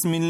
بسم الله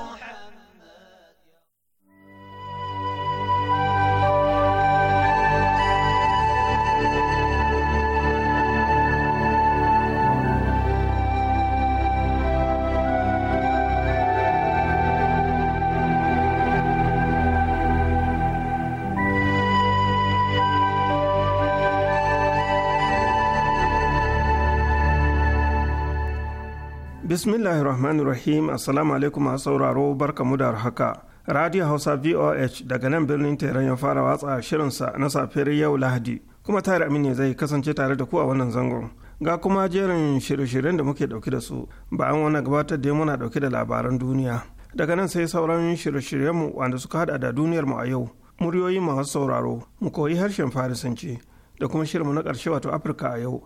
bismillahir rahmanir rahim assalamu alaikum masu sauraro barka mu da haka radio hausa voh daga nan birnin tehran ya fara watsa shirinsa na safiyar yau lahadi kuma tare ne zai kasance tare da ku a wannan zangon ga kuma jerin shirye-shiryen da muke dauke da su bayan wani gabatar da muna dauke da labaran duniya daga nan sai sauran shirye shiryen mu wanda suka hada da duniyar mu a yau muryoyi masu sauraro mu koyi harshen farisanci da kuma shirinmu na karshe wato afirka a yau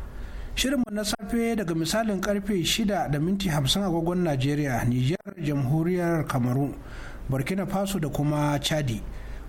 Shirinmu na safe daga misalin karfe 6 da minti 50 agogon Najeriya, Nijar, Jamhuriyar Kamaru, Burkina Faso da kuma Chadi.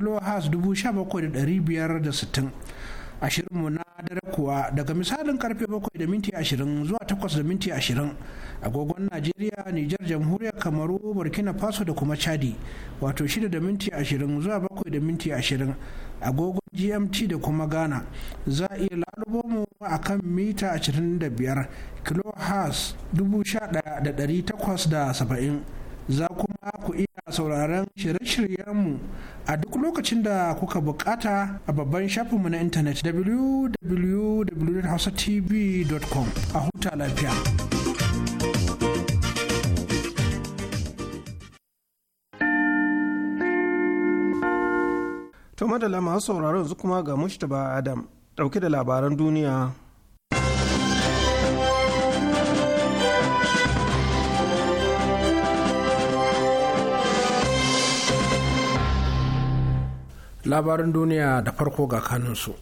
dubu da sittin 17,560 ashirinmu na dare kuwa daga misalin karfe bakwai da minti 20 zuwa takwas da minti 20 agogon najeriya nijar jamhuriyar kamaru burkina faso da kuma chadi wato 6 da minti 20 zuwa bakwai da minti 20 agogon gmt da kuma ghana za a iya lalubo mu a kan mita 25 kilohertz 11,870 za kuma ku iya sauraron shirye-shiryenmu a duk lokacin da kuka bukata a babban shafinmu na intanet www.hausatv.com a huta lafiya. To madalla masu sauraron yanzu kuma ga Mushtaba Adam dauke da labaran duniya labaran duniya da farko ga kanunsu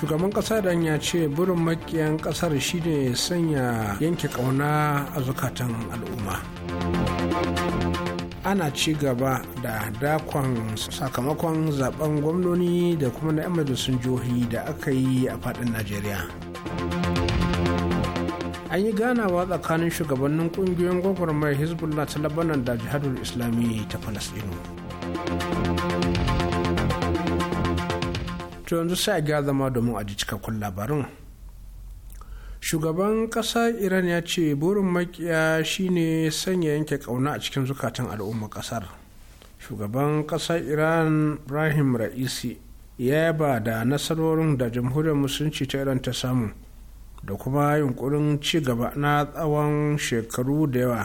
shugaban kasa dan ya ce burin makiyan kasar shine sanya yanke kauna a zukatan al'umma ana ci gaba da dakon sakamakon zaben gwamnoni da kuma na 'yan majalisun jihohi da aka yi a fadin najeriya an yi ganawa tsakanin shugabannin kungiyoyin gwagwarmar hezbollah ta labanan da jihadul islami ta falasɗinu to yanzu sai a zama domin a ji cikakkun labarin shugaban ƙasa iran ya ce burin makiya shine sanya yanke ƙauna a cikin zukatan al'ummar ƙasar shugaban ƙasar iran ibrahim ra'isi ya yaba da nasarorin da jamhuriyar musulunci ta iran ta samu da kuma yunkurin ci gaba na tsawon shekaru da yawa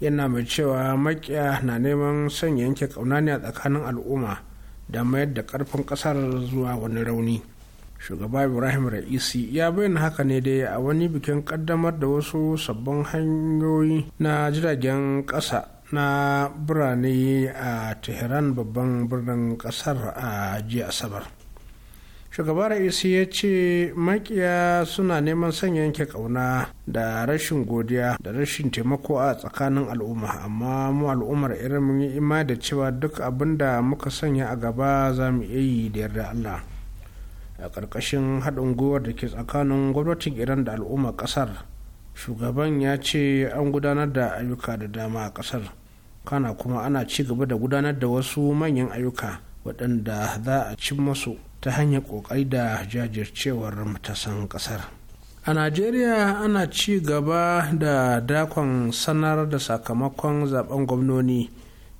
yana mai cewa makiya na neman son yanke kauna ne a tsakanin al'umma da mayar da karfin kasar zuwa wani rauni shugaba ibrahim ra'isi ya bayyana haka ne dai a wani bikin kaddamar da wasu sabbin hanyoyi na jiragen kasa na birane a tehran babban birnin kasar a jiya asabar shugaba raisi ya ce makiya suna neman sanya yanke kauna da rashin godiya da rashin taimako a tsakanin al'umma amma mu al'ummar irin mun yi ima da cewa duk abin da muka sanya a gaba za mu iya yi da yarda allah a ƙarƙashin haɗin gwiwar da ke tsakanin gwamnatin iran da al'ummar ƙasar shugaban ya ce an gudanar da ayyuka da dama a ƙasar kana kuma ana ci gaba da gudanar da wasu manyan ayyuka waɗanda za a cin masu ta hanyar ƙoƙari da jajircewar matasan ƙasar a najeriya ana ci gaba da dakon sanar da sakamakon zaben gwamnoni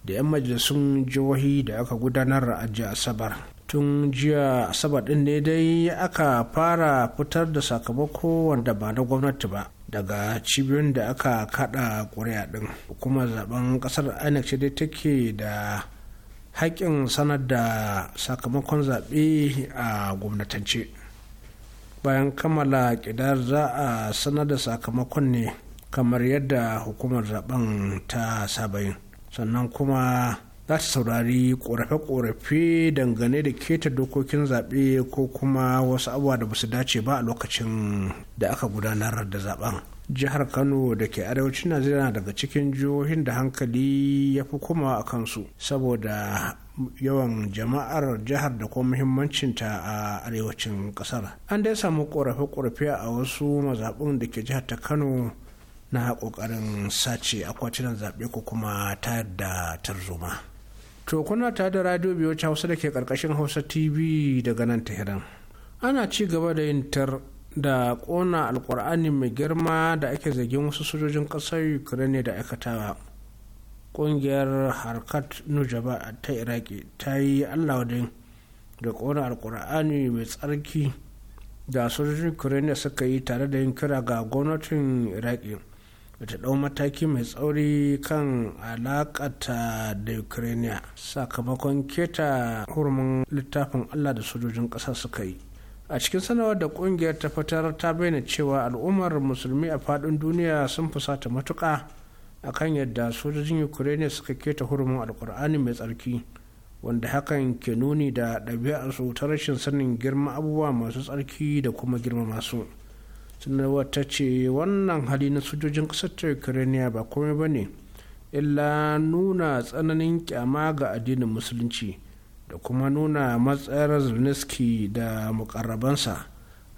da 'yan majalisun jihohi da aka gudanar a jiya asabar tun jiya asabar ɗin ne dai aka fara fitar da sakamako wanda ba na gwamnati ba daga cibiyoyin da aka kaɗa ƙuri'a ɗin hukumar zaben ƙasar, inec dai take da haƙƙin sanar da sakamakon zaɓe a gwamnatance bayan kammala ƙidar za a sanar da sakamakon ne kamar yadda hukumar zaben ta saba yin sannan kuma za ta saurari ƙorafe-ƙorafe dangane da keta dokokin zaɓe ko kuma wasu abubuwa da ba su dace ba a lokacin da aka gudanar da zaben jihar kano da ke arewacin najeriya daga cikin jihohin da hankali ya fi kuma a kansu saboda yawan jama'ar jihar da kuma muhimmancinta a arewacin kasar an dai samu korafe-korafe a wasu mazaɓin da ke jihar ta kano na ƙoƙarin sace akwatunan zaɓe ko kuma ta da tarzoma to kuna tare da radio biyu hausa da ke ƙarƙashin hausa tv daga nan tehran ana ci gaba da yin tar da kona alkur'ani mai girma da ake zargin wasu sojojin ƙasar ukraine da aikatawa ƙungiyar harkat nujaba ta iraki ta yi allawadin da kona alkur'ani mai tsarki da sojojin ukraine suka yi tare da yin kira ga gwamnatin iraki da ta ɗau mataki mai tsauri kan alaƙata da ukraine sakamakon keta hurumin littafin allah da sojojin ƙasa suka yi a cikin sanarwar da kungiyar ta fitar ta bayyana cewa al'ummar musulmi a faɗin duniya sun fusata matuƙa akan yadda sojojin ukraine suka keta hurumin alkur'ani mai tsarki wanda hakan ke nuni da ɗabi'arsu ta rashin sanin girma abubuwa masu tsarki da kuma girma masu sanarwar ta ce wannan hali na sojojin ƙasar ta ukraine ba komai ba ne illa nuna tsananin kyama ga addinin musulunci da kuma nuna matsayar zelensky da mukarrabansa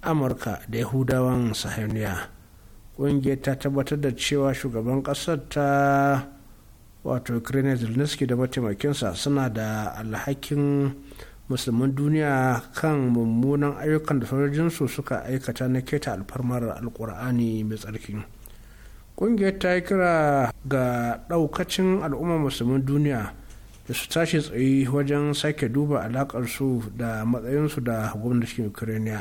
amurka da yahudawan sahaniya ƙungiyar ta tabbatar da cewa shugaban ƙasar ta wato ukraine zelensky da mataimakinsa suna da alhakin musulman duniya kan mummunan ayyukan da sojojinsu suka aikata na keta alfarmar alkur'ani mai tsarki ƙungiyar ta yi kira ga ɗaukacin al'ummar musulman duniya da su tashi tsaye wajen sake duba alakarsu da matsayinsu da gwamnatin ukraine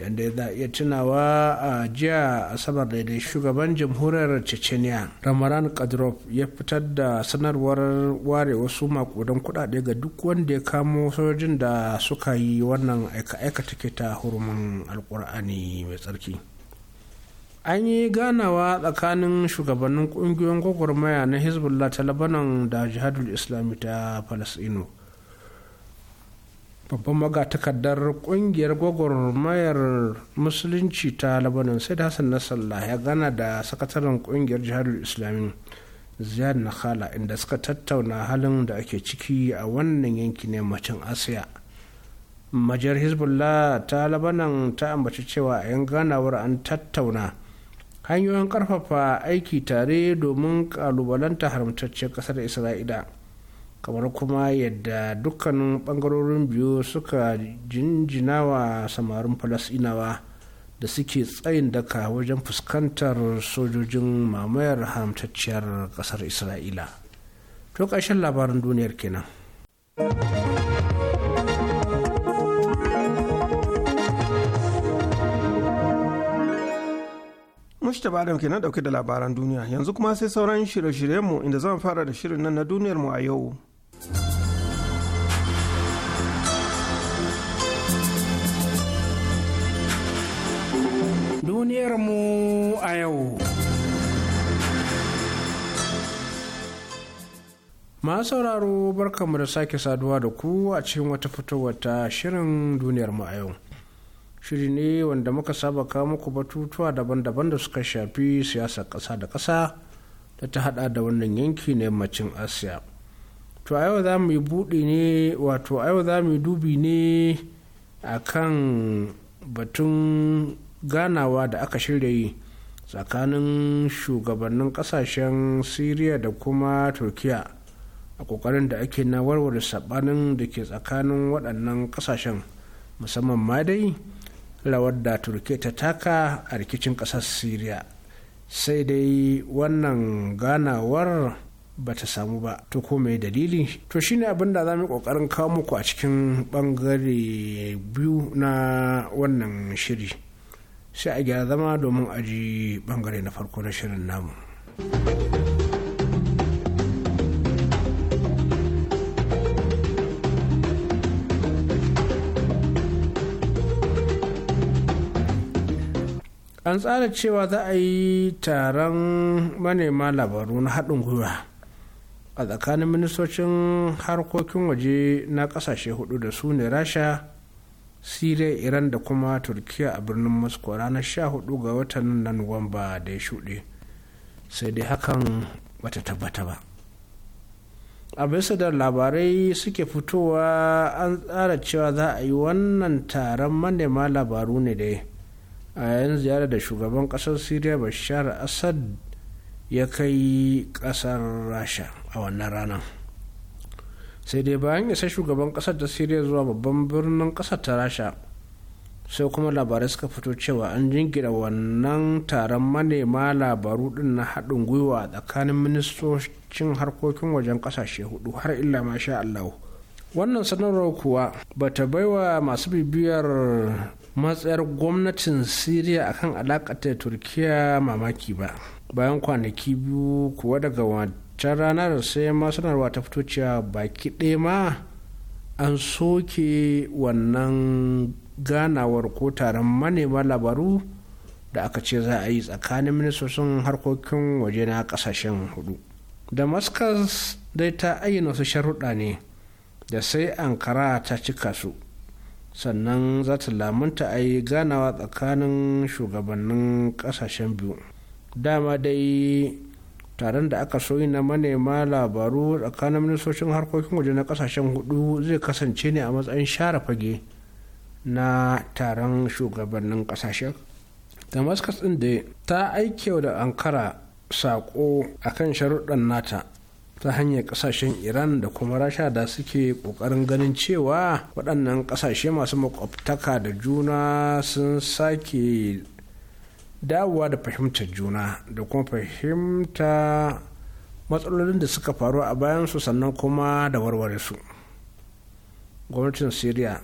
yadda za iya tunawa a jiya asabar daidai shugaban jamhuriyar chechnya ramaran kadrov ya fitar da sanarwar ware wasu makudan kudade ga duk wanda ya kamo sojojin da suka yi wannan aika-aika take ta hurumin alkur'ani mai tsarki an yi ganawa tsakanin shugabannin kungiyoyin gwagwarmaya na hezbollah ta labanan da jihadul islami ta falasino babban magatakardar kungiyar gwagwarmayar musulunci ta labanan sai da hassan nasarallah ya gana da sakataren kungiyar jihadul islami ziyad nakhala inda suka tattauna halin da ake ciki a wannan yanki ne macin asiya majiyar hezbollah ta labanan ta ambaci cewa yan ganawar an tattauna hanyoyin karfafa aiki tare domin kalubalanta haramtacciyar kasar isra'ila kamar kuma yadda dukkanin bangarorin biyu suka jinjinawa samarin falasinawa da suke tsayin daka wajen fuskantar sojojin mamayar haramtacciyar kasar isra'ila to ƙarshen labarin duniyar kenan. Mushtaba Adam kenan dauke da labaran duniya yanzu kuma sai sauran shirye-shiryenmu inda zan fara da shirin nan na duniyar mu a yau. Duniyar mu a yau. Masu sauraro barkanmu da sake saduwa da ku a cikin wata fitowar ta shirin duniyarmu a yau. shiri ne wanda muka saba kawo muku batutuwa daban-daban da suka shafi siyasar ƙasa da ƙasa da ta hada da wannan yanki na yammacin asiya to a yau za mu yi buɗe ne wato a yau za mu yi dubi ne a kan batun ganawa da aka shirya yi tsakanin shugabannin kasashen syria da kuma turkiya a kokarin da ake na warware sabanin da ke tsakanin waɗannan kasashen musamman ma dai rawar da turke ta taka a rikicin ƙasar syria sai dai wannan ganawar ba ta samu ba to ko mai dalili to shine abin da za mu kokarin kawo muku a cikin bangare biyu na wannan shiri sai a gyara zama domin a ji bangare na farko na shirin namu. an tsara cewa za a yi taron manema labaru na haɗin gwiwa a tsakanin ministocin harkokin waje na ƙasashe hudu da su ne rasha siriya iran da kuma turkiya a birnin moscow ranar hudu ga watan na nuwamba da ya shuɗe sai dai hakan bata tabbata ba a bisa da labarai suke fitowa an tsara cewa za a yi wannan taron manema labaru ne dai a yayin ziyarar da shugaban kasar syria bashar assad ya kai kasar rasha a wannan ranar sai dai bayan isa shugaban kasar ta syria zuwa babban birnin kasar ta rasha sai kuma labarai suka fito cewa an jingina wannan taron manema labaru din na haɗin gwiwa a tsakanin ministocin harkokin wajen ƙasashe hudu har illa masha allahu wannan sanarwar kuwa bata baiwa masu bibiyar matsayar gwamnatin siriya akan alakata turkiya mamaki ba bayan kwanaki biyu kuwa daga wancan ranar sai ma sanarwa ta fito cewa baki ɗaya ma an soke wannan ganawar ko taron manema labaru da aka ce za a yi tsakanin ministocin harkokin waje na kasashen hudu damascus dai ta ayyana su sharuɗa ne da sai ankara ta cika su sannan za ta lamunta a yi ganawa tsakanin shugabannin kasashen biyu dama dai taron da aka soyi na manema labaru tsakanin ministocin harkokin waje na kasashen hudu zai kasance ne a matsayin share fage na taron shugabannin kasashen damascus ɗin da ta aikewa da ankara saƙo akan sharuɗan nata ta hanyar kasashen iran da kuma rasha da suke kokarin ganin cewa waɗannan kasashe masu makwabtaka da juna sun sake dawowa da fahimtar juna da kuma fahimta matsalolin da suka faru a bayansu sannan kuma da warware su gwamnatin syria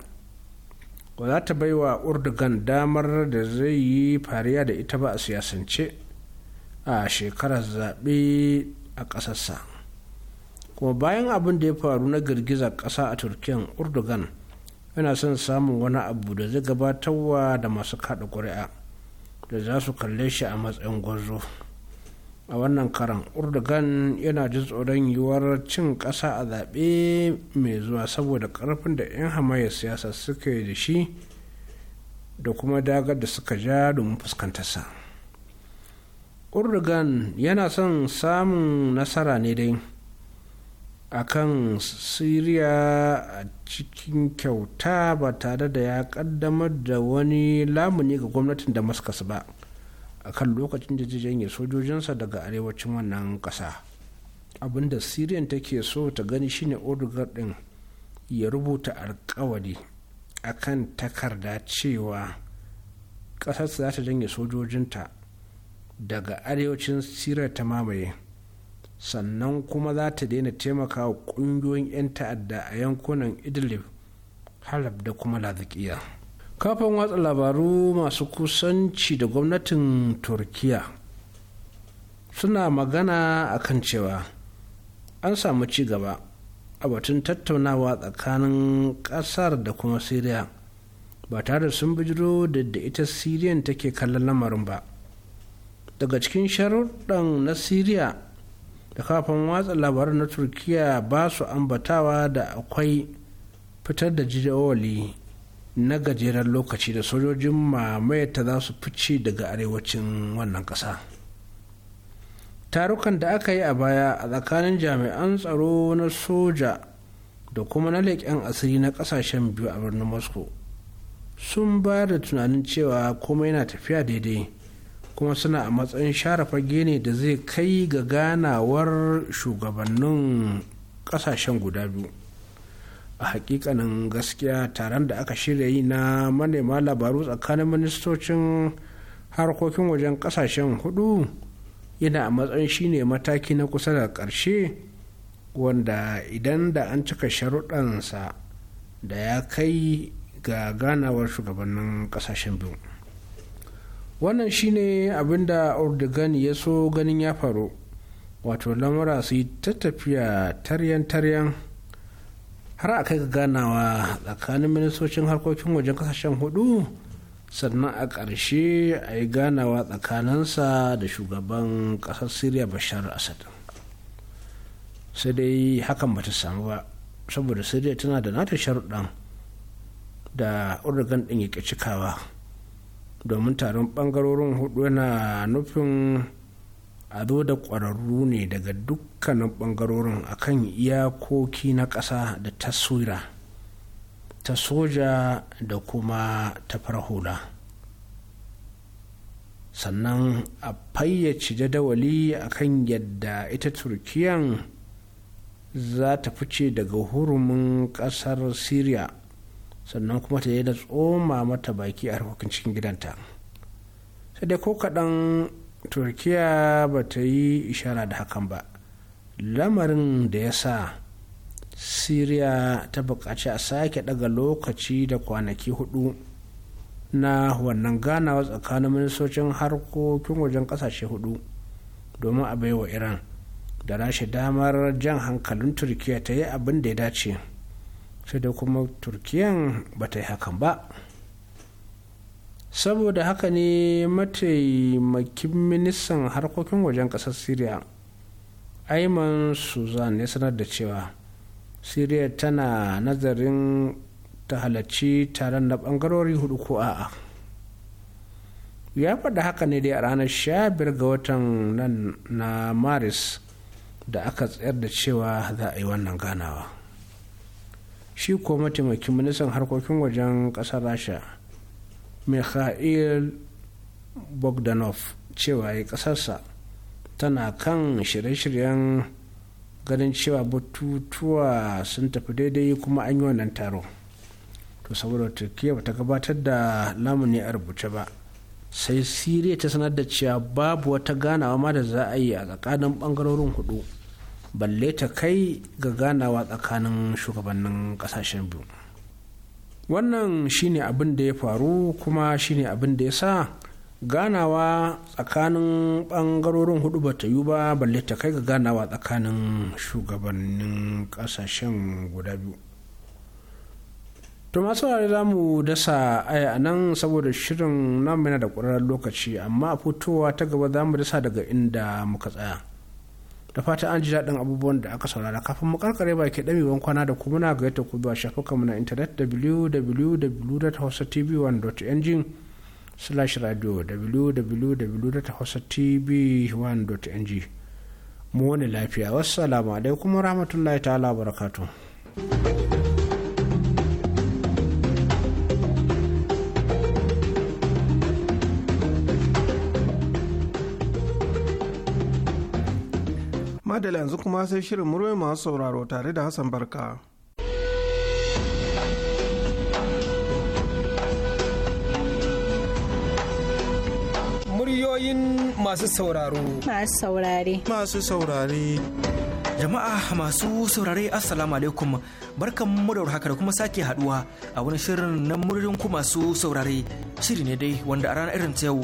ba za ta baiwa urdugan damar da zai yi fariya da ita ba a siyasance a shekarar zaɓe a ƙasarsa kuma bayan abin da ya faru na girgizar ƙasa a turkiyan urdugan yana son samun wani abu da zai gabatarwa da masu kaɗa ƙuri'a da za su kalle shi a matsayin gwarzo a wannan karan urdugan yana jin tsoron yiwuwar cin ƙasa a zaɓe mai zuwa saboda ƙarfin da 'yan hamayar siyasa suke da shi da kuma dagar da suka ja domin fuskantarsa urdugan yana son samun nasara ne dai a kan siriya a cikin kyauta ba tare da ya kaddamar da wani lamuni ga gwamnatin damascus ba a kan lokacin da janye sojojinsa daga arewacin wannan kasa abinda siriyan take so ta gani shine odugar din ya rubuta alkawari a kan takarda cewa ƙasarsa za ta janye sojojinta daga arewacin syria ta mamaye sannan kuma za ta daina taimaka wa ƙungiyoyin 'yan ta'adda a yankunan idlib harab da kuma lazikiya kafin watsa labaru masu kusanci da gwamnatin turkiya suna magana a kan cewa an samu ci gaba a batun tattaunawa tsakanin ƙasar da kuma syria ba tare sun bijiro da ita siriyan take kallon lamarin ba daga cikin sharuɗan na syria. da kafin watsa labaran na turkiya ba su ambatawa da akwai fitar da jidawali na gajeren lokaci da sojojin mamayata za su fice daga arewacin wannan ƙasa tarukan da aka yi a baya a tsakanin jami'an tsaro na soja da kuma na leƙen asiri na ƙasashen biyu a birnin moscow sun ba da tunanin cewa komai yana tafiya daidai kuma suna a matsayin share fage ne da zai kai ga ganawar shugabannin kasashen guda biyu a hakikanin gaskiya taron da aka shirya yi na manema labaru tsakanin ministocin harkokin wajen kasashen hudu yana a matsayin shine mataki na kusa da ƙarshe wanda idan da an cika sharuɗansa da ya kai ga ganawar shugabannin kasashen biyu wannan shine abin da urdugan ya so ganin ya faru wato lamura su yi ta tafiya taryan-taryan har a kai ga ganawa tsakanin ministocin harkokin wajen kasashen hudu sannan a ƙarshe a yi ganawa tsakaninsa da shugaban ƙasar siriya bashar asad sai dai hakan bata samu ba saboda siriya tana da nata sharuɗan da urdugan ɗin ya cikawa domin taron bangarorin hudu yana nufin a zo da ƙwararru ne daga dukkanin bangarorin akan iyakoki na ƙasa da taswira ta soja da kuma ta farhula sannan a fayyace jadawali akan yadda ita turkiyan za ta fice daga hurumin ƙasar syria sannan kuma ta yi da tsoma mata baki a harkokin cikin gidanta sai dai ko kaɗan turkiya ba ta yi ishara da hakan ba lamarin da ya sa syria ta buƙaci a sake ɗaga lokaci da kwanaki hudu na wannan ganawa tsakanin ministocin harkokin wajen ƙasashe hudu domin a baiwa iran da rashi damar jan hankalin turkiya ta yi abin da ya dace sai da kuma turkiyan ba ta yi hakan ba saboda haka ne mataimakin ministan harkokin wajen ƙasar syria aiman suzan ya sanar da cewa syria tana nazarin ta halarci taron na ɓangarori hudu ko a'a ya faɗa haka ne dai a ranar 15 ga watan nan na maris da aka tsayar da cewa za a yi wannan ganawa shi ko mataimakin ministan harkokin wajen ƙasar rasha mikhail bogdanov cewa ya ƙasarsa tana kan shirye-shiryen ganin cewa batutuwa sun tafi daidai kuma an yi wannan taro to saboda turkiya ba ta gabatar da lamuni a rubuce ba sai siriya ta sanar da cewa babu wata ganawa ma da za a yi a tsakanin bangarorin hudu balle ta kai ga ganawa tsakanin shugabannin kasashen biyu wannan shine abin da ya faru kuma shine abin da ya sa ganawa tsakanin bangarorin hudu ba ta yi ba balle ta kai ga ganawa tsakanin shugabannin kasashen guda biyu to masu za dasa aya a nan saboda shirin namu yana da ƙwararren lokaci amma a fitowa ta gaba za mu dasa daga inda muka tsaya da fata an ji daɗin abubuwan da aka saurara kafin mu karkare ba ke ɗamewan kwana da kuma na gayyata ku zuwa mu na intanet www.hausatv1.ng slash radio www.hausatv1.ng mu wani lafiya wasu wassalamu alaikum rahmatullahi ta'ala barakatu. da yanzu kuma sai shirin murwai masu sauraro tare da hassan barka muryoyin masu sauraro masu saurare masu saurare jama'a masu saurare assalamu alaikum barkan mu da haka da kuma sake haduwa a wani shirin na muryoyin ku masu saurare shiri ne dai wanda a ranar irin ta yau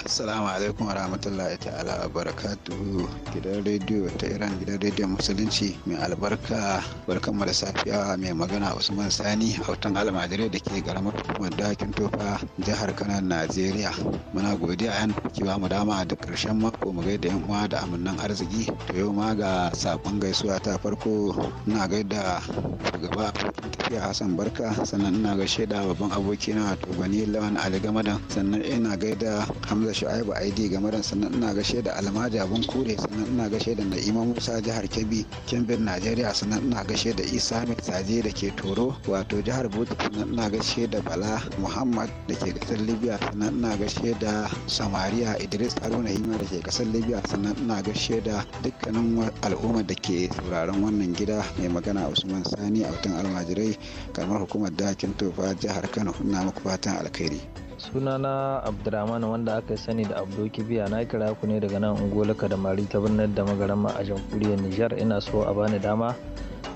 Assalamu alaikum wa rahmatullahi ta'ala wa barakatuhu gidan rediyo ta Iran gidan rediyo musulunci mai albarka barkan mu da safiya mai magana Usman Sani hautan almajire da ke karamar hukumar dakin tofa jihar Kano Najeriya muna godiya yan kiwa mu dama da karshen mako mu gaida yan uwa da amannan arziki to yau ma ga sakon gaisuwa ta farko ina gaida shugaba tafiya Hassan Barka sannan ina gaishe da babban abokina wato Gwani Lawan Ali Gamadan sannan ina gaida Hamza da shu'aibu id game da sannan ina gashe da almaja bun kure sannan ina gashe da na'ima musa jihar kebbi kimbin najeriya sannan ina gashe da isa mai saje da ke toro wato jihar bauchi sannan ina gashe da bala muhammad da ke kasar libya sannan ina gashe da samariya idris haruna hima da ke kasar libya sannan ina gashe da dukkanin al'ummar da ke sauraron wannan gida mai magana usman sani a almajirai kamar hukumar dakin tofa jihar kano ina muku fatan alkhairi sunana abdurrahman wanda aka sani da abdo kibiya na kira ku ne daga nan ungola da mari ta birnin da magarama a jamhuriyar nijar ina so a bani dama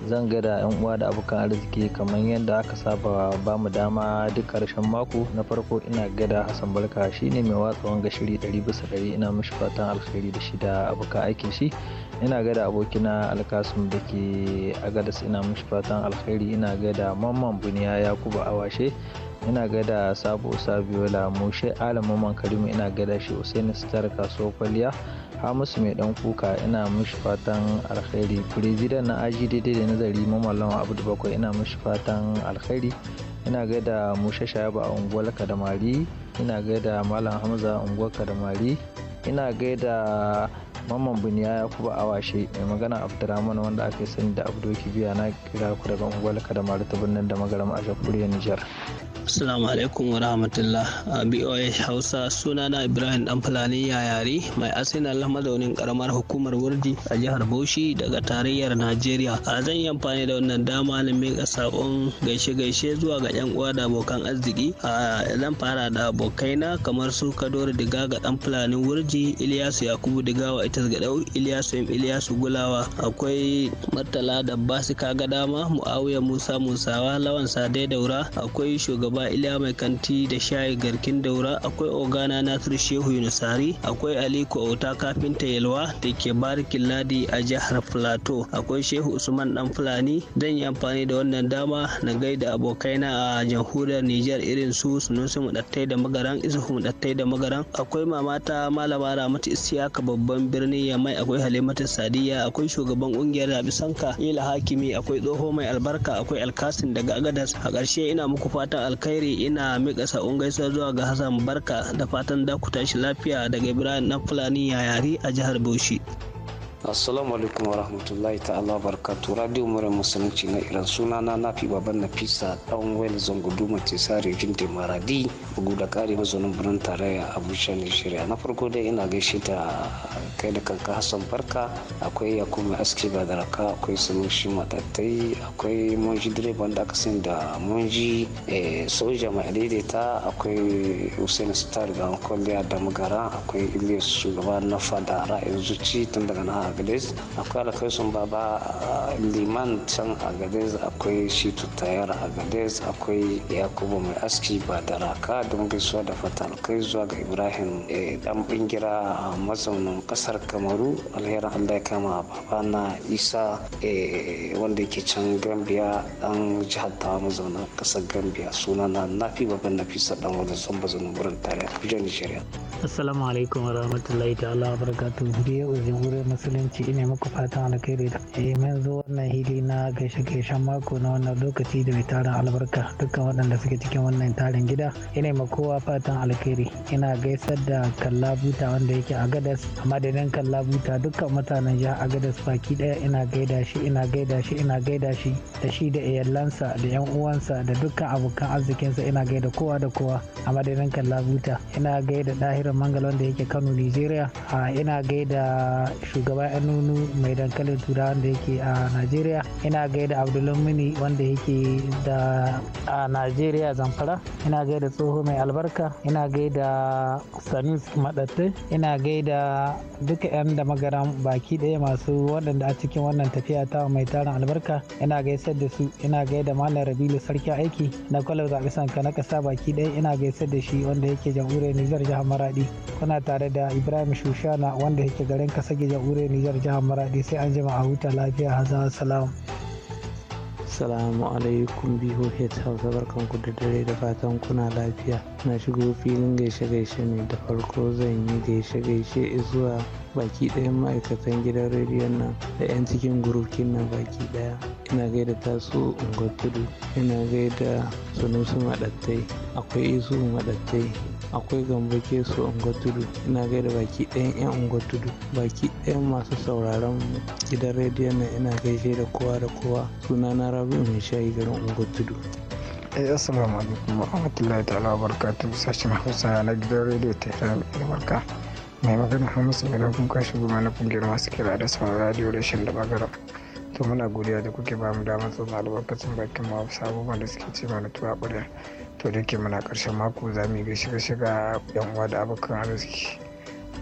zan gada yan uwa da abokan arziki kamar yadda aka saba ba mu dama duk karshen mako na farko ina gada hassan barka shine mai watsa wanga shiri ɗari bisa ɗari ina mishi fatan alheri da shi da abokan aikin shi ina gaida abokina alkasum da ke agadas ina mishi fatan alheri ina gaida mamman buniya yakubu awashe ina gada sabo sabiola mushe alamu mamman karimu ina gada shi usaini star kasuwar kwalliya. hamisu mai dan kuka ina mishi fatan alkhairi president na aji daidai da nazari mamallan abu da bakwai ina mishi fatan alkhairi ina gaida musha shayaba a unguwar kadamari ina gaida malam hamza a unguwar kadamari ina gaida mamman buniya ya kuba washe mai magana abdurrahman wanda aka yi sani da abu abdoki biya na kira ku daga unguwar kadamari ta birnin da magaram a jamhuriyar nijar Assalamu alaikum wa rahmatullah. A BOA Hausa sunana Ibrahim Dan Fulani Yayari mai asina madaunin karamar hukumar Wurdi a jihar Bauchi daga tarayyar Najeriya. A zan yi amfani da wannan dama na miƙa saƙon gaishe-gaishe zuwa ga 'yan uwa da abokan arziki. A zan fara da abokaina kamar su Kadori Diga ga Dan Fulani Wurji, Iliyasu Yakubu Digawa Itas dau, Iliyasu M Iliyasu Gulawa. Akwai Martala da Basika Gadama, Muawiya Musa Musawa, Lawan Sade Daura, akwai Shugaban. shugaba iliya mai kanti da shayi garkin daura akwai ogana nasiru shehu yunusari akwai aliko auta kafinta yalwa da ke barikin ladi a jihar plateau akwai shehu usman dan fulani zan yi amfani da wannan dama na gaida abokaina a jamhuriyar Nijar irin su sunusi mudattai da magaran isuhu mudattai da magaran akwai mamata malama ramatu isiyaka babban birnin mai. akwai halimatu sadiya akwai shugaban kungiyar rabi sanka ila hakimi akwai tsoho mai albarka akwai alkasin daga agadas a ƙarshe ina muku fatan alkasin alkhairi ina miƙa sa'un gaisuwa zuwa ga Hassan Barka da fatan da ku tashi lafiya daga Ibrahim Dan Fulani Yayari a jihar Bauchi. assalamu alaikum warahmatullahi ta'ala barkatu radio mura musulunci na iran suna na nafi baban nafisa dan wel zango duma ce sare jin maradi bugu da kare mazaunin birnin tarayya abuja nigeria na farko dai ina gaishe da kai da kanka hassan barka akwai yakuma aski ba da raka akwai shi matattai akwai monji direban da aka sani da monji eh, soja mai daidaita akwai hussein star ga kwalliya da magara akwai ilyas shugaba na fada ra'ayin zuci tun daga na agades akwai alkaisun baba ah, liman can agades akwai shitu tayar agades akwai yakubu mai aski ba da raka don gaisuwa da fata zuwa ga ibrahim eh, dan bingira a mazaunin kasar kamaru alherin allah ya kama baba na isa eh, wanda yake can gambia dan jihar ta mazaunin kasar gambia suna na nafi baban nafisa dan wanda son bazanin wurin tare a kujen nigeria assalamu alaikum rahmatulahi ta'ala barakatuhu biyar jamhuriyar musulun musulunci ina muku fatan alkhairi da eh mun zo wannan hili na gaishe gaishen mako na wannan lokaci da mai tarin albarka dukkan waɗanda suke cikin wannan tarin gida ina ma kowa fatan alkhairi ina gaisar da kalla buta wanda yake a gadas a madadin kalla buta dukkan mutanen jihar agadas baki ɗaya ina gaida shi ina gaida shi ina gaida shi da shi da iyalansa da yan uwansa da dukkan abokan arzikinsa ina gaida kowa da kowa a madadin kalla buta ina gaida dahirin mangal wanda yake kano nigeria ah, ina gaida shugaba nunu mai dankalin turawa wanda yake a najeriya ina gaida abdulmini wanda yake da a najeriya zamfara ina gaida tsoho mai albarka ina gaida sanus maɗatte ina gaida duka 'yan da magaran baki ɗaya masu waɗanda a cikin wannan tafiya ta mai tarin albarka ina gaisar da su ina gaida malam rabilu sarki aiki na kwalar zaɓi sanka na ƙasa baki ɗaya ina gaisar da shi wanda yake jamhuriyar nijar jihar maradi kuna tare da ibrahim shushana wanda yake garin kasage jamhuriyar nijar nijar jihar maradi sai an jima a huta lafiya hazan salam salamu alaikum BOH Hausa barkanku da dare da fatan kuna lafiya. Na shigo filin gaishe-gaishe ne da farko zan yi gaishe-gaishe zuwa baki ɗayan ma'aikatan gidan rediyon nan da 'yan cikin gurukin na baki ɗaya. Ina gaida taso unguwar tudu, ina gaida sunusu maɗattai, akwai isu maɗattai, akwai gambo kesu ungwatudu ina gaida baki ɗayan yan ungwatudu baki ɗayan masu sauraron gidan rediyo nan ina gaishe da kowa da kowa suna na rabu mai shayi garin ungwatudu eh, assalamu alaikum wa rahmatullahi ta'ala wa barakatuh sashen hausa na gidan rediyo ta yi barka mai magana hamisu mai rafin kashi goma na kungiyar masu kira da sauran radio da shan da magana to muna godiya da kuke ba mu damar tsoma albarkacin bakin mu wasu abubuwan da suke ce mana tuwa ƙwarya to da ke muna ƙarshen mako za mu gaishe gaishe ga yan uwa da abokan arziki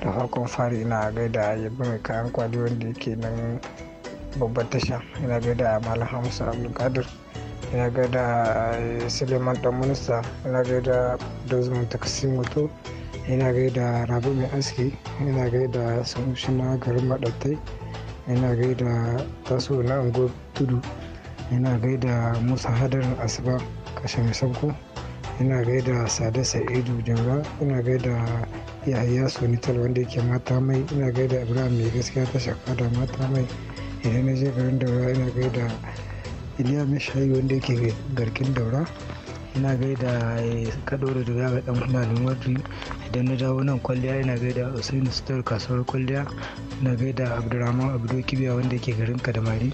da farkon fari ina gaida bi mai kayan kwali wanda yake nan babban tasha ina gaida malam hamsa abdulkadir ina da suleiman dan minista ina gaida dozman takasi moto ina gaida rabi mai aski ina gaida sanushi na garin madattai ina gaida taso na ungo tudu ina gaida musa hadarin Asiba kashe mai sabko ina gaida sada sa'idu janga ina gaida yahaya sonital wanda yake mata mai ina gaida ibrahim mai gaskiya ta shaka da mata mai idan na je garin daura ina gaida iliya mishayi wanda yake garkin daura ina gaida eh, kadoro da ga dan fulani wadri idan na dawo nan kwalliya ina gaida usaini sutar kasuwar kwalliya ina gaida abdurrahman abdul kibiya wanda yake garin kadamari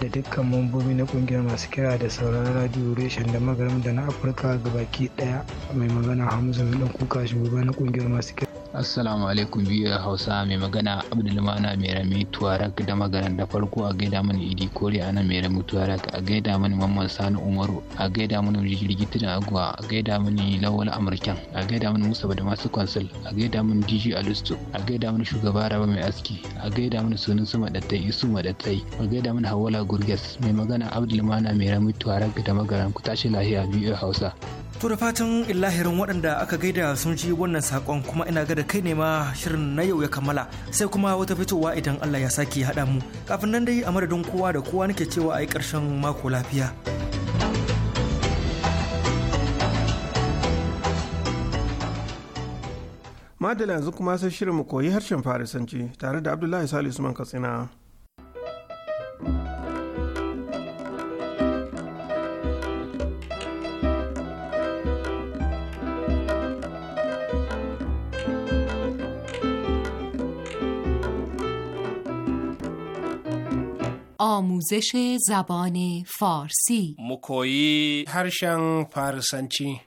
da dukkan mambobi na kungiyar masu kira da sauraron radio reshen da magaram da na afirka ga baki daya mai magana hamza mai kuka shugaba na kungiyar masu kira Assalamu alaikum biyu Hausa mai magana Abdulmana mai rami tuwarak da magana da farko a gaida mana Idi Kore ana mai rami tuwarak a gaida mana Mamman Sani Umaru a gaida mana Rigirgiti da Agwa a gaida mana Lawal Amurkan a gaida mana Musa da masu kwansil a gaida mana DJ Alisto a gaida mana shugaba Raba mai aski a gaida mana sunan su madattai isu madattai a gaida mana Hawala Gurges mai magana Abdulmana mai rami tuwarak da magana ku tashi lahiya biyu Hausa. To da fatan illahirin waɗanda aka gaida sun ji wannan saƙon kuma ina ga da kai ne ma shirin na yau ya kammala sai kuma wata fitowa idan Allah ya sake haɗa mu. Kafin nan dai a madadin kowa da kowa nake cewa a yi ƙarshen mako lafiya. Madalla yanzu kuma sai shirin mu koyi harshen Farisanci tare da Abdullahi Salisu Man Katsina. آموزش زبان فارسی مکویی هرشن فارسنچی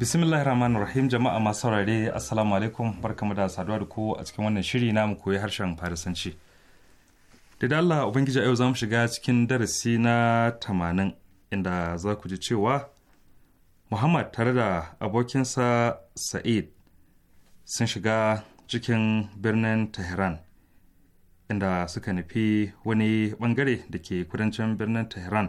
bismillahir rahmanir rahim jama'a masu saurare assalamu alaikum barkamu da saduwa da ku a cikin wannan shiri na mu koyi harshen farisanci da Allah ubangiji yau za mu shiga cikin darasi na tamanin inda za ku ji cewa muhammad tare da abokinsa sa'id sun shiga cikin birnin tehran inda suka nufi wani bangare da ke kudancin birnin tehran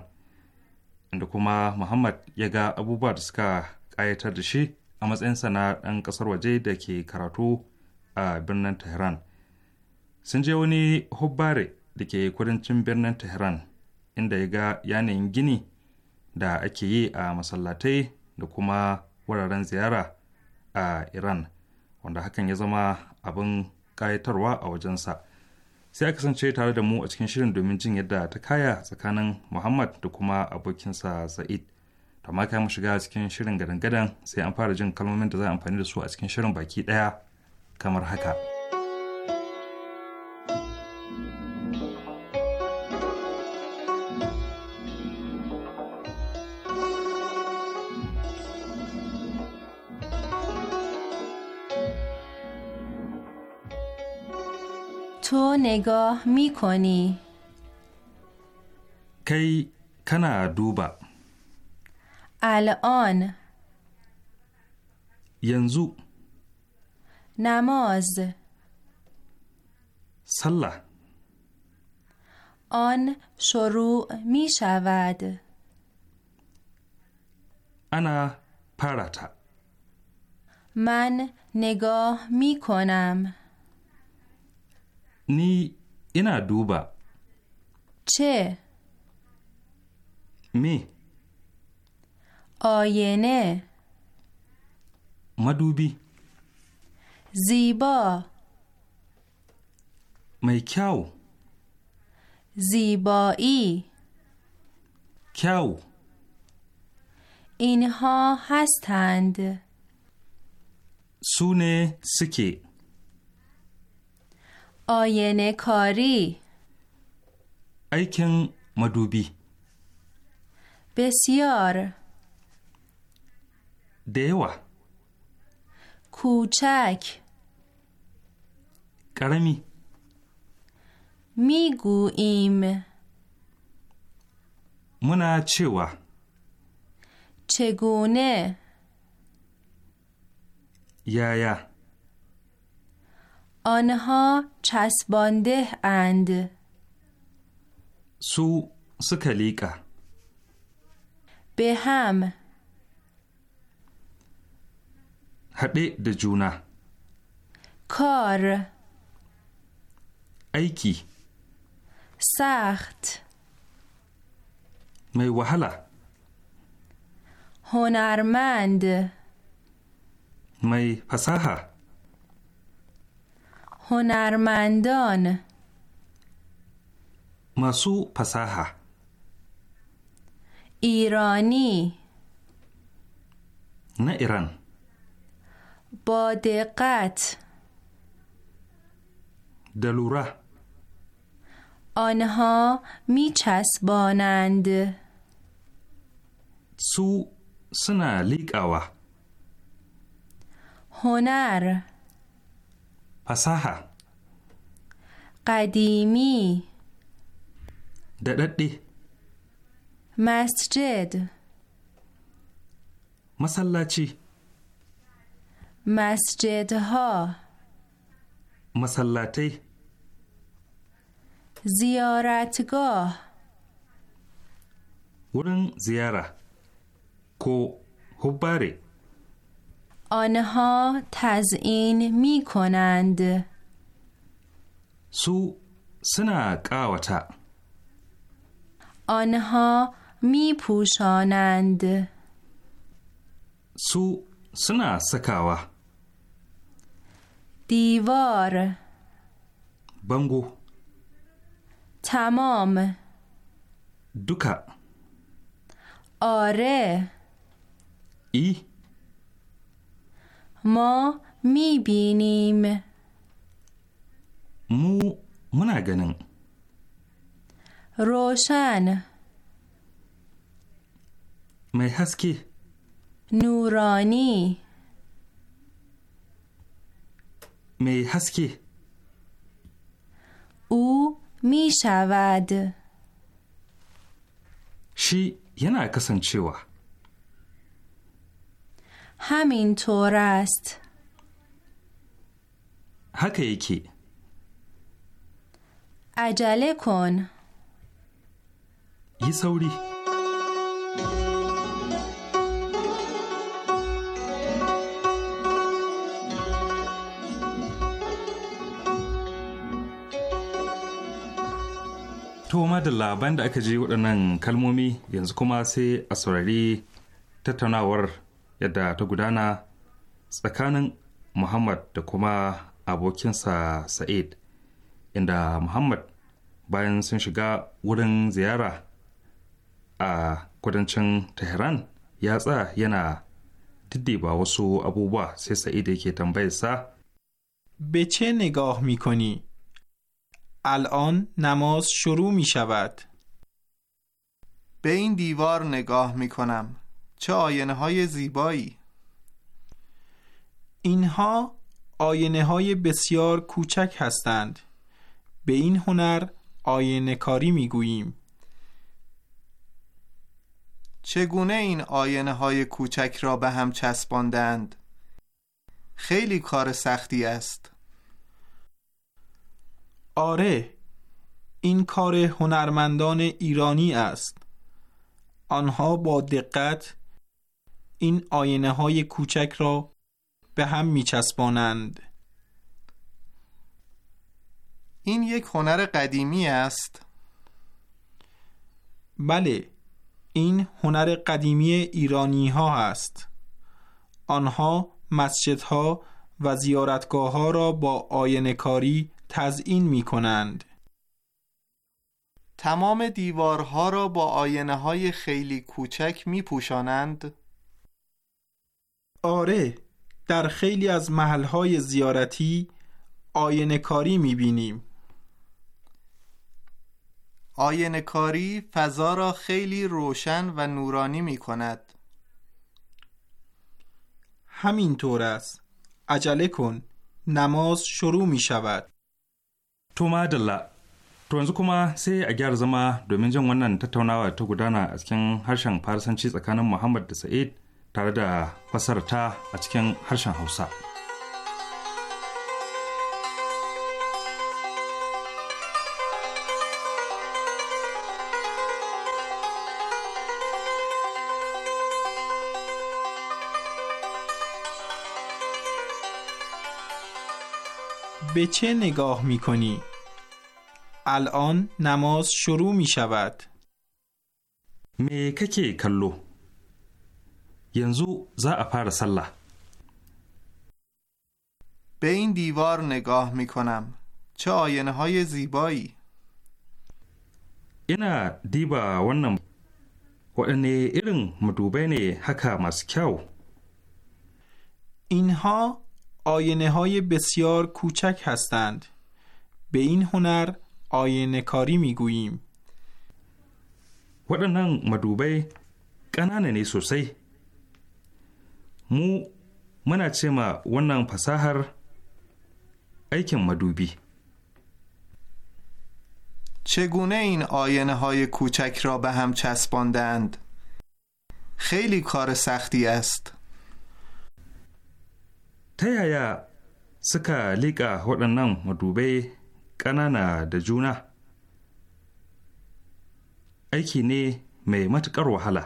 inda kuma muhammad ya ga abubuwa da suka ƙayatar da shi a matsayinsa na ɗan ƙasar waje da ke karatu a birnin tehran sun je wani hubbare da ke kudancin birnin tehran inda ya ga yanayin gini da ake yi a masallatai da kuma wuraren ziyara a iran wanda hakan ya zama abin kayatarwa a wajensa sai a kasance tare da mu a cikin shirin domin jin yadda ta kaya tsakanin muhammad da kuma abokinsa sa'id to ma mu shiga cikin shirin gadan-gadan sai an fara jin kalmomin da za a amfani da su a cikin shirin baki ɗaya kamar haka. نگاه می کنی کی کنا دوبا الان ینزو نماز سله آن شروع می شود انا پرتا من نگاه می کنم Ni ina duba. Ce. Me. Oyene. Oh, Madubi. Ziba. Mai kyau. Ziba'i. Kyau. اینها hastand. Sune suke. آینه کاری ایکن مدوبی بسیار دیوا کوچک کرمی میگوییم منا چوا چگونه یا یا آنها چسبانده اند سو سکلیکا به هم هده دجونا کار ایکی سخت می وحلا هنرمند می پساها هنرمندان مسو پساها ایرانی نه ایران با دقت دلوره آنها می چسبانند سو سنا لیک هنر fasaha Kadimi. daɗaɗɗe masjid masallaci masjid ha masallatai ziyaratgah wurin ziyara ko hubbare آنها تزئین می کنند سو سنا قاوتا آنها می پوشانند سو سنا سکاوا دیوار بنگو تمام دکا آره ای ما میبینیم مو منگنن روشن می هسکی نورانی می هسکی او می شود شی یه نکسن چیوه همین طور است haka yake عجله کن yi sauri da labar da aka ji waɗannan kalmomi yanzu kuma sai a saurari tattaunawar yadda ta gudana tsakanin muhammad da kuma abokinsa sa'id inda muhammad bayan sun shiga wurin ziyara a kudancin tehran ya tsaya yana diddiba wasu abubuwa sai sa'id yake tambayarsa به چه ga می الان نماز شروع می شود. به این دیوار نگاه می کنم. چه آینه های زیبایی اینها آینه های بسیار کوچک هستند به این هنر آینه کاری می گوییم چگونه این آینه های کوچک را به هم چسباندند؟ خیلی کار سختی است آره این کار هنرمندان ایرانی است آنها با دقت این آینه های کوچک را به هم می چسبانند. این یک هنر قدیمی است. بله، این هنر قدیمی ایرانی ها است. آنها مسجدها و زیارتگاه ها را با آینه کاری تزئین می کنند. تمام دیوارها را با آینه های خیلی کوچک می پوشانند. آره در خیلی از محلهای زیارتی آینه کاری میبینیم آینه کاری فضا را خیلی روشن و نورانی می کند همینطور است عجله کن نماز شروع می تو مدلا تو yanzu kuma sai اگر gyara zama domin jin wannan tattaunawa ta gudana a cikin harshen Farsanci tsakanin Muhammad da Sa'id tare da fasarta a cikin harshen Hausa. به چه نگاه می کنی؟ الان نماز شروع می شود. می کلو ینزو زا افار سله به این دیوار نگاه می کنم چه آینه های زیبایی اینا دیبا wannan waɗanne irin madubai ne haka masu kyau اینها آینه های بسیار کوچک هستند به این هنر آینه کاری می گوییم waɗannan مدوبه کنن مو من از شما وانم پساهر ایکم مدوبی. چگونه این آینه های کوچک را به هم چسباندند؟ خیلی کار سختی است. تی ایا سکلیک هر اندام مدوبی کننده ایکی نی می مترکره.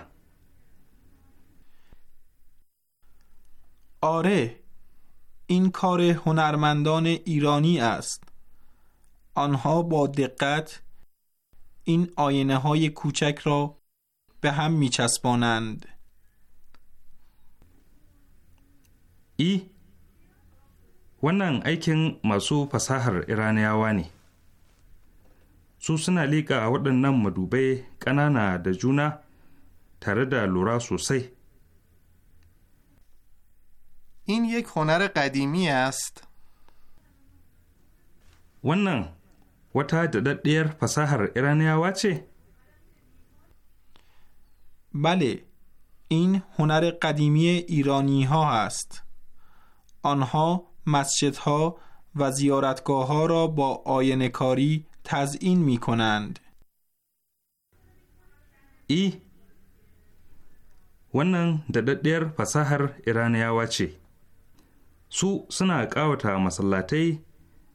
آره این کار هنرمندان ایرانی است آنها با دقت این آینه های کوچک را به هم می چسبانند ای wannan aikin masu fasahar iraniyawa ne su suna liƙa waɗannan madubai ƙanana da juna tare da lura sosai این یک هنر قدیمی است. ونن وتا داددیر فساهر ایرانیاوا چه؟ بله این هنر قدیمی ایرانی ها است. آنها مسجدها و زیارتگاه ها را با آینه کاری تزئین می کنند. ای ونن داددیر فساهر ایرانیاوا چه؟ su suna ƙawata masallatai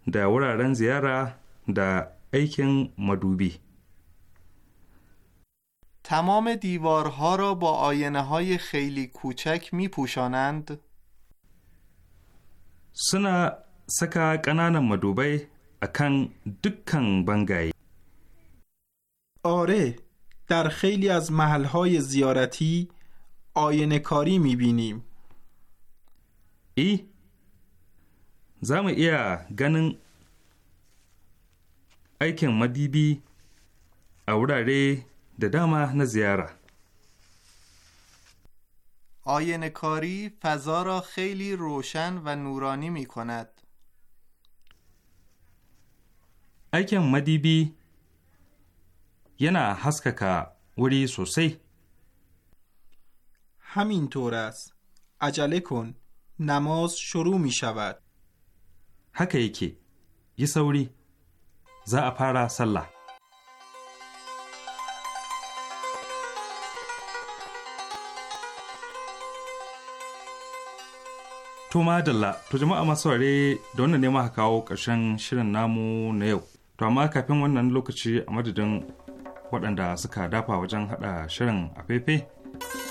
da wuraren ziyara da aikin madubi. تمام دیوارها را با آینه های خیلی کوچک می پوشانند؟ سنا سکا قنان مدوبه اکن دکن بنگای آره در خیلی از محلهای زیارتی آینه کاری می بینیم ای za mu iya ganin aikin madibi a wurare da dama na ziyara. آینه کاری فضا را خیلی روشن و نورانی می کند. aikin madibi yana haskaka wuri sosai. همینطور است. عجله کن. نماز شروع می شود. haka yake yi sauri za a fara sallah To madalla, to jama'a masu ware da wannan ne maka kawo ƙarshen shirin namu na yau. To amma kafin wannan lokaci a madadin waɗanda suka dafa wajen haɗa shirin a faifai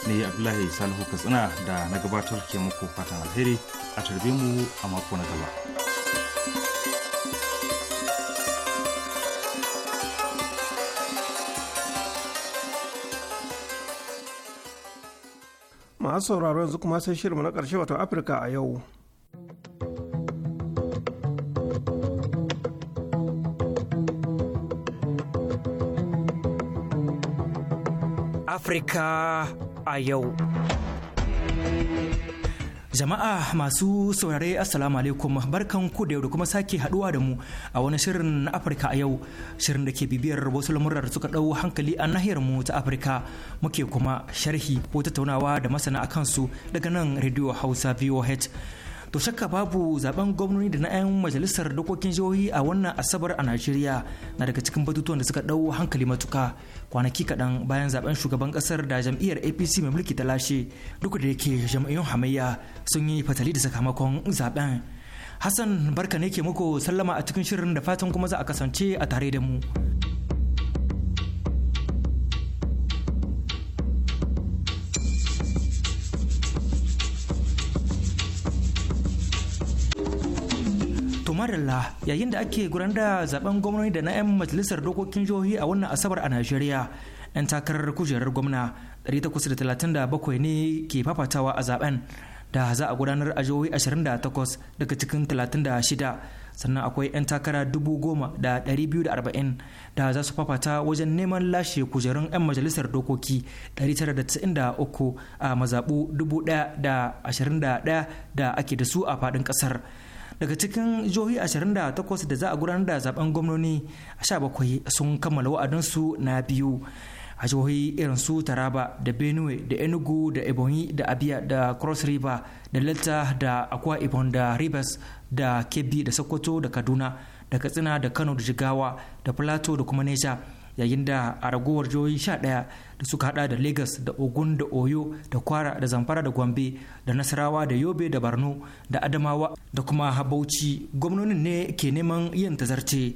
ne Abdullahi Salihu Katsina da na gabatar ke muku fatan alheri a tarbe mu a mako na gaba. masu sauraro yanzu kuma sai shirinmu na ƙarshe wato afirka a yau afirka a yau Jama'a masu saurare Assalamu alaikum barkan ku da yau da kuma sake haduwa da mu a wani shirin na Afirka a yau shirin da ke bibiyar wasu lamurar suka ɗau hankali a nahiyar mu ta Afirka muke kuma sharhi ko tattaunawa da masana akan su daga nan Radio Hausa VOH to shakka babu zaben gwamnoni da na 'yan majalisar dokokin jihohi a wannan asabar a najeriya na daga cikin batutuwan da suka ɗau hankali matuka kwanaki kaɗan bayan zaben shugaban ƙasar da jam'iyyar apc mai mulki ta lashe duk da yake jam'iyyun hamayya sun yi fatali da sakamakon zaben hassan barka ne ke muku sallama a cikin shirin da fatan kuma za a kasance a tare da mu. madalla yayin da ake guranda da zaben gwamnoni da na 'yan majalisar dokokin jihohi a wannan asabar a najeriya 'yan takarar kujerar gwamna 837 ne ke fafatawa a zaben da za a gudanar a jihohi 28 daga cikin 36 sannan akwai 'yan takara 10,240 da za su fafata wajen neman lashe kujerun 'yan majalisar dokoki 993 a mazaɓu 1,021 da ake da su a faɗin ƙasar. daga cikin jihohi 28 da za a gudanar da zaben gwamnoni bakwai sun kammala wa'adinsu na biyu a jihohi irin su taraba da benue da enugu da ebonyi da abia da cross river da delta da akwa ibon da rivers da kebbi da sokoto da kaduna da katsina da kano da jigawa da plateau da kuma neja yayin da a ragowar jihohi 11 da suka hada da lagos da ogun da oyo da kwara da zamfara da gombe da nasarawa da yobe da barno da adamawa da kuma habauci gwamnonin ne ke neman yin tazarce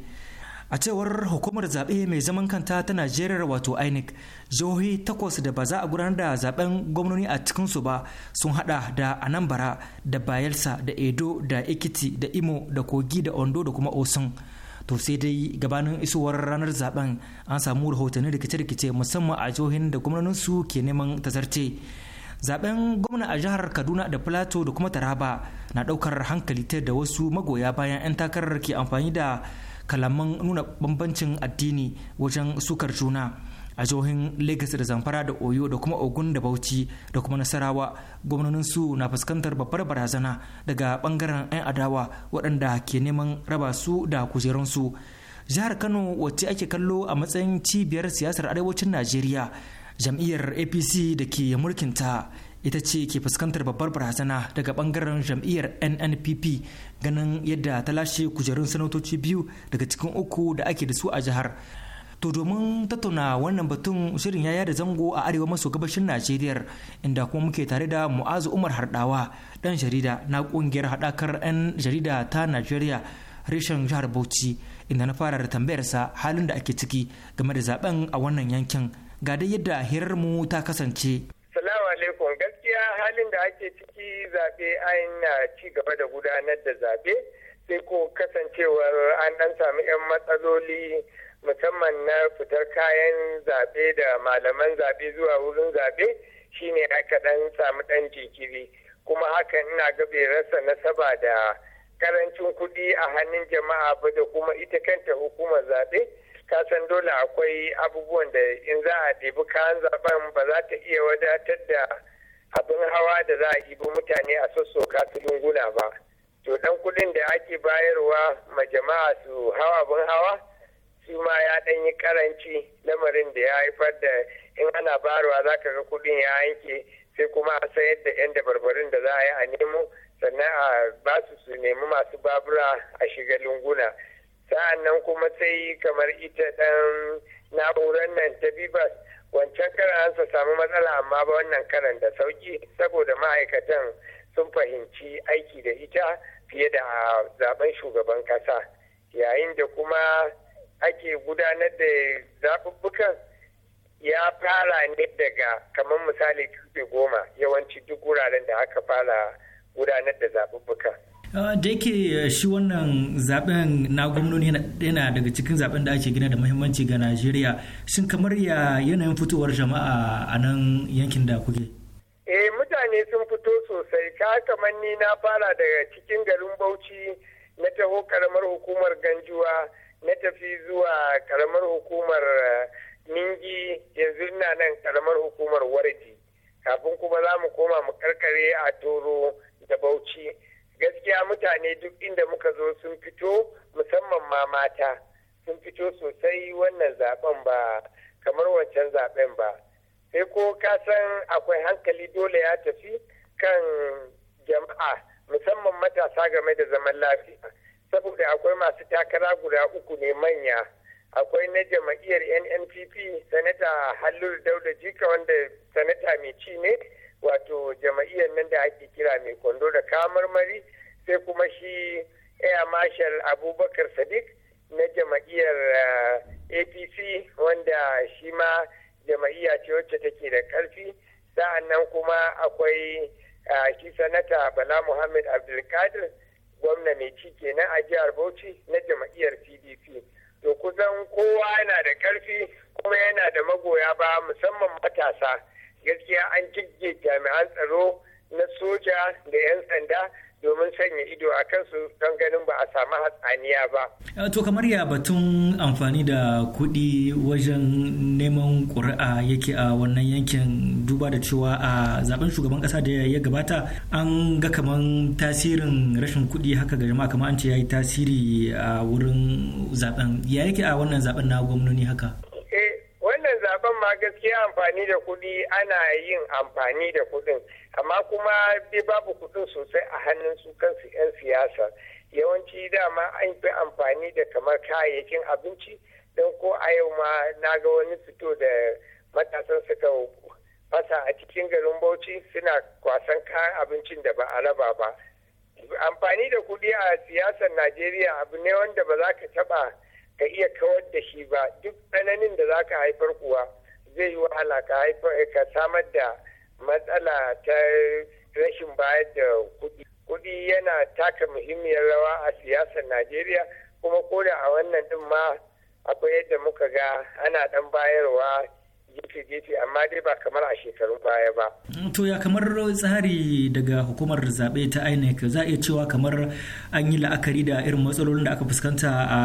a cewar hukumar zaɓe mai zaman kanta ta najeriya wato inec jihohi takwas da ba za a gudanar da zaben gwamnoni a cikinsu ba sun hada da anambra da bayelsa da edo da ekiti da imo da kogi da ondo da kuma osun to sai dai gabanin isowar ranar zaben an samu rahotanni rikice-rikice musamman a jihohin da gwamnoninsu ke neman tazarce zaben gwamna a jihar kaduna da plateau da kuma taraba na daukar hankali ta da wasu magoya bayan 'yan takarar ke amfani da kalaman nuna bambancin addini wajen sukar juna a jihohin Legas da Zamfara da Oyo da kuma Ogun da Bauchi da kuma Nasarawa gwamnonin su na fuskantar babbar barazana daga bangaren 'yan adawa waɗanda ke neman raba su da kujerunsu. Jihar Kano wacce ake kallo a matsayin cibiyar siyasar arewacin Najeriya jam'iyyar APC da ke mulkinta ita ce ke fuskantar babbar barazana daga bangaren jam'iyyar nnpp ganin yadda ta lashe kujerun sanatoci biyu daga cikin uku da ake da su a jihar To domin tattauna wannan batun shirin yaya da zango a arewa maso gabashin Najeriya inda kuma muke tare da Mu'azu Umar Hardawa dan jarida na kungiyar haɗakar 'yan jarida ta Najeriya reshen jihar Bauchi inda na fara da tambayarsa halin da ake ciki game da zaben a wannan yankin ga dai yadda hirar mu ta kasance. Salamu alaikum gaskiya halin da ake ciki zaɓe an ci gaba da gudanar da zaɓe sai ko kasancewar an ɗan samu 'yan matsaloli musamman na fitar kayan zaɓe da malaman zaɓe zuwa wurin zaɓe shine aka ɗan samu ɗan jikiri, kuma hakan ina ga bai rasa nasaba da karancin kuɗi a hannun jama'a ba da kuma ita kanta hukumar zaɓe kasan dole akwai abubuwan da in za a ɗebi kayan zaɓen ba za ta iya wadatar da abin hawa da za a ibi mutane a sassoka kasu lunguna ba to ɗan kuɗin da ake bayarwa ma jama'a su hawa abin hawa shi ma ya ɗan yi karanci lamarin da ya haifar da in ana barwa za ka ga kuɗin ya yanke sai kuma a sayar da 'yan dabarbarin da za a yi a nemo sannan a ba su su nemi masu babura a shiga lunguna sa'an nan kuma sai kamar ita ɗan na'urar nan ta bibas wancan karan an samu matsala amma ba wannan karan da sauki saboda ma'aikatan sun fahimci aiki da ita fiye da zaben shugaban ƙasa yayin da kuma ake gudanar da zaɓuɓɓukan ya fara ne daga kamar misali karfe goma yawanci duk wuraren da aka fara gudanar da zaɓuɓɓukan. Ah, da yake eh, shi wannan zaben na gwamnoni yana daga cikin zaben da ake gina da muhimmanci ga najeriya shin kamar ya yanayin fitowar jama'a a nan yankin da kuke eh mutane sun fito sosai ka kamar ni na fara daga cikin garin bauchi na taho karamar hukumar ganjuwa na tafi zuwa karamar hukumar eh, ningi yanzu ina nan karamar hukumar warji kafin kuma za mu koma mu karkare a toro da bauchi gaskiya mutane duk inda muka zo sun fito musamman ma mata sun fito sosai wannan zaben ba kamar wancan zaben ba sai ko ka san akwai hankali dole ya tafi kan jama'a musamman matasa game da zaman lafiya saboda akwai masu takara guda uku ne manya akwai na jama'iyyar nnpp sanata hallul dauda jika wanda sanata mai ci ne wato jama'iyyar nan da ake kira mai kwando da kamarmari sai kuma shi air marshal abubakar sadiq na jama'iyyar eh, apc wanda shi ma jama'iyya ce wacce take da karfi sa'an nan kuma akwai eh, shi sanata bala muhammad abdulkadir gwamnati mai ci kenan a jihar bauchi na jam'iyyar pdp to kusan kowa yana da karfi kuma yana da magoya ba musamman matasa gaskiya an jibge jami'an tsaro na soja da 'yan sanda domin sanya ido a kansu don ganin ba a samu hatsaniya ba. Eh, to kamar ya batun amfani da kuɗi wajen neman ƙuri'a yake a wannan yankin duba da cewa a zaben shugaban kasa da ya gabata an ga kaman tasirin rashin kuɗi haka ga jama'a kamar an ce ya yi tasiri a wurin zaben ya yake a wannan zaben na gwamnoni haka eh, wannan zaben ma gaskiya amfani da kuɗi ana yin amfani da kuɗin amma kuma bai babu kuɗin sosai a hannun su kansu 'yan siyasa yawanci dama an fi amfani da kamar kayayyakin abinci don ko a yau ma na ga wani fito da matasan suka kasa a cikin garin bauchi suna kwasan kayan abincin da ba a raba ba amfani da kuɗi a siyasar najeriya abu ne wanda ba za ka taɓa ka iya kawar da shi ba duk tsananin da za ka haifar kuwa zai yi wahala ka haifar ka samar da matsala ta rashin bayar da kuɗi kuɗi yana taka muhimmiyar rawa a siyasar najeriya kuma koda a wannan din ma akwai yadda muka ga ana ɗan bayarwa gefe-gefe amma dai ba kamar a shekarun baya ba. Mm, to ya kamar tsari daga hukumar zaɓe ta INEC za a iya cewa kamar an yi la'akari da irin matsalolin da aka fuskanta a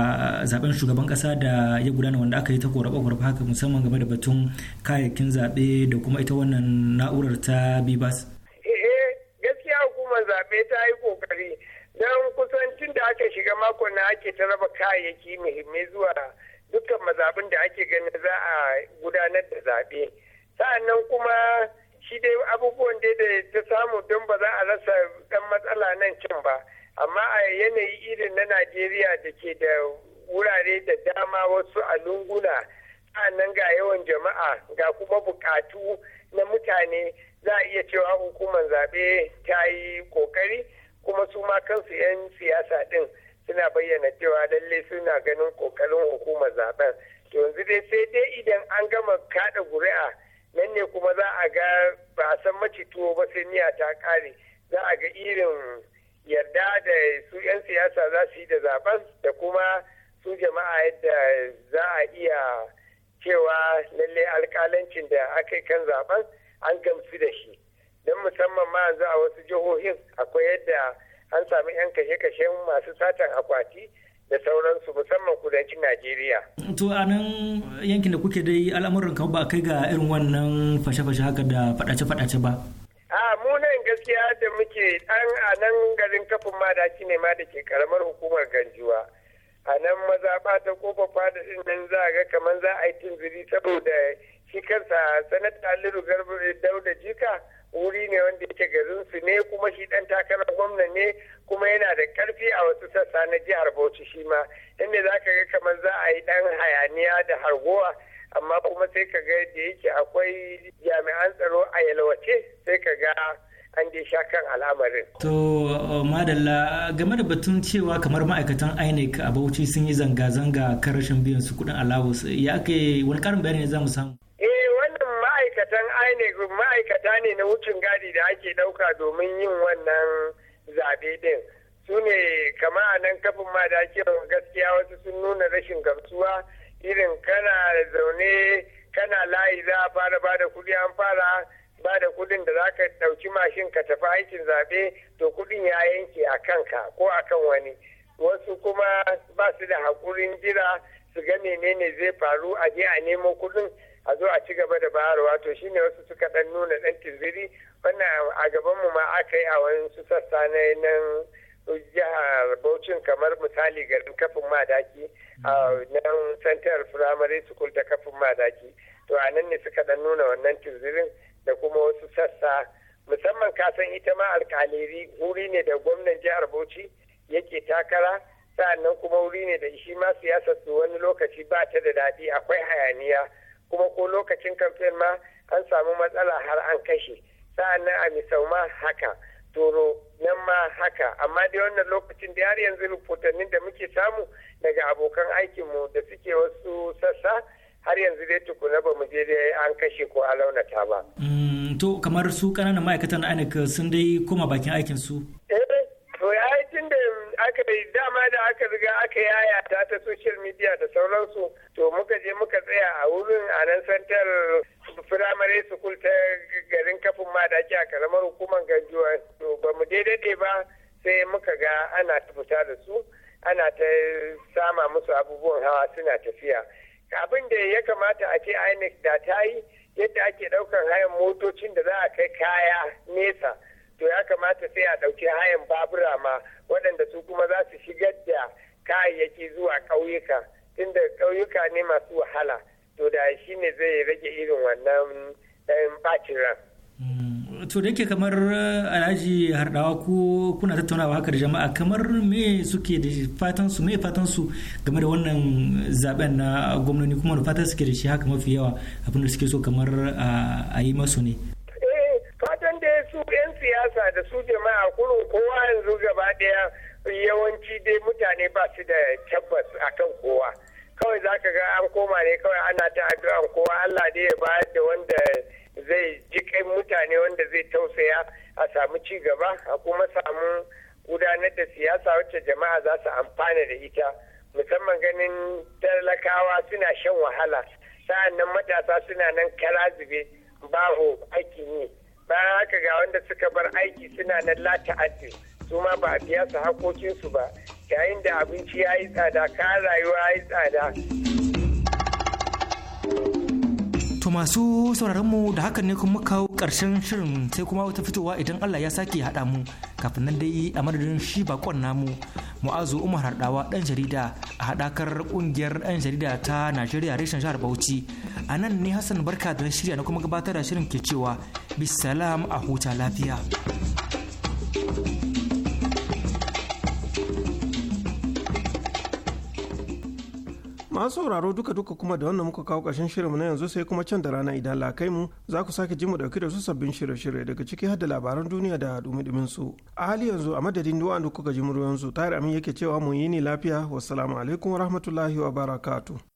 zaben shugaban ƙasa da ya gudana wanda aka yi ta korafa korafa haka musamman game da batun kayayyakin zaɓe da kuma ita wannan na'urar ta bibas. Eh, eh gaskiya hukumar zaɓe ta yi kokari don kusancin da aka shiga makon na ake ta raba kayayyaki muhimmai zuwa dukkan mazabin da ake ganin za a gudanar da zaɓe sa'annan kuma shi dai abubuwan da ta samu don ba za a rasa ɗan matsala nan cin ba amma a yanayi irin na najeriya da ke da wurare da dama wasu a lunguna sa'annan ga yawan jama'a ga kuma bukatu na mutane za a iya cewa hukumar zaɓe ta yi ƙoƙari kuma su ma kansu 'yan siyasa ɗin suna bayyana cewa lalle suna ganin kokarin hukumar zaben yanzu dai sai dai idan an gama kada guri'a nan ne kuma za a ga ba a san tuwo ba sai niyya ta kare za a ga irin yarda da su 'yan siyasa za su yi da zaben da kuma su jama'a yadda za a iya cewa lalle alkalancin da aka yi kan zaben an gamsu da shi don musamman ma yanzu a wasu jihohin akwai yadda an sami 'yan kashe-kashen masu satan akwati da sauransu musamman kudancin Najeriya. To a nan yankin da kuke dai al'amuran kamar ba kai ga irin wannan fashe-fashe haka da faɗace-faɗace ba. A mu nan gaskiya da muke ɗan a nan garin kafin madaci ne ma da ke karamar hukumar Ganjuwa. A nan maza ta kofa fada ɗin nan za a ga kamar za a yi tunzuri saboda shi kansa sanata aliru dauda jika wuri ne wanda yake garin su ne kuma shi dan takarar gwamna ne kuma yana da karfi a wasu sassa na jihar bauchi shi ma inda za ka ga kamar za a yi dan hayaniya da hargowa amma kuma sai ka ga da yake akwai jami'an tsaro a yalwace sai ka ga an dai sha kan al'amarin. To uh, madalla game da batun cewa kamar ma'aikatan INEC a Bauchi sun yi zanga-zanga kan rashin biyan su kuɗin alawus ya kai wani karin bayani ne za mu samu. ma'aikatan INEC ma'aikata ne na wucin gadi da ake ɗauka domin yin wannan zaɓe ɗin. Su ne kama a nan kafin ma da ake gaskiya wasu sun nuna rashin gamsuwa irin kana zaune kana layi za a fara ba da kuɗi an fara ba da kuɗin da za ka ɗauki mashin ka tafi aikin zaɓe to kuɗin ya yanke a kanka ko a kan wani. Wasu kuma ba su da haƙurin jira su ga menene zai faru a je a nemo kuɗin a zo a ci gaba da bayarwa to shine wasu suka dan nuna dan tiziri wannan a gaban mu ma aka yi a wani sassa na nan jihar Bauchin kamar misali garin kafin madaki a nan central primary school ta kafin madaki to a nan ne suka dan nuna wannan tizirin da kuma wasu sassa musamman kasan ita ma alkaliri wuri ne da gwamnan jihar Bauchi yake takara sa'annan kuma wuri ne da shi ma siyasar su wani lokaci ba ta da daɗi akwai hayaniya kuma ko lokacin kamfen ma an samu matsala har an kashe sa'annan a misau ma haka toro nan ma haka amma dai wannan lokacin da har yanzu rubutannin da muke samu daga abokan aikinmu da suke wasu sassa har yanzu dai tukuna ba mu je dai an kashe ko a launata ba. Mm, to kamar su ƙananan ma'aikatan na sun dai koma bakin aikin su. eh To ya yi tun da aka yi dama da aka riga aka yaya ta ta social media da sauransu to muka je muka tsaya a wurin a nan santar firamare school ta garin kafin ma da ake a karamar hukumar ganjuwa to ba mu daidai ba sai muka ga ana ta fita da su ana ta sama musu abubuwan hawa suna tafiya abin da ya kamata a ce inec da ta yi yadda ake ɗaukar hayan motocin da za a kai kaya nesa to ya kamata sai a ɗauki hayan babura ma waɗanda su kuma za su shigar da kayayyaki zuwa ƙauyuka tunda ƙauyuka ne masu wahala to da shi ne zai rage irin wannan eh, ɓacin ran. Mm, to da yake kamar eh, alhaji hardawa ko kuna tattaunawa haka da jama'a kamar me suke da fatan su me fatan su game da wannan zaben na gwamnoni kuma da fatan suke da shi haka mafi yawa abinda suke so kamar ah, a yi masu ne. su 'yan siyasa da su jama'a kurun kowa yanzu gaba daya yawanci dai mutane ba su da tabbas kan kowa kawai za ka ga an koma ne kawai ana ta addu'an kowa Allah dai ya bayar da wanda zai ji kai mutane wanda zai tausaya a samu ci gaba a kuma samu gudanar da siyasa wacce jama'a za su amfana da ita musamman ganin talakawa suna shan wahala sa'an nan matasa suna nan kara zube babu aikin yi bayan haka ga wanda suka bar aiki suna nan lata addin su ma ba a biya su hakokinsu ba yayin da abinci ya yi tsada kayan rayuwa ya yi tsada masu sauraron mu da hakan ne kuma kawo karshen shirin sai kuma wata fitowa idan Allah ya sake haɗa mu kafin nan dai a madadin shi bakon namu Mu'azu Umar Hardawa ɗan jarida a haɗakar ƙungiyar ɗan jarida ta Najeriya reshen jihar Bauchi. A nan ne Hassan Barka da shirya na kuma gabatar da shirin ke cewa bisalam a huta lafiya. masu sauraro duka duka kuma da wannan muka kawo ƙarshen shirinmu na yanzu sai kuma can da rana idan lakai mu za ku sake ji mu dauki da su sabbin shirye-shirye daga ciki har da labaran duniya da dumi-dumin su a hali yanzu a madadin duwa da kuka ji muryoyin tare amin yake cewa mu yi ni lafiya wasalamu alaikum wa rahmatullahi wa barakatu.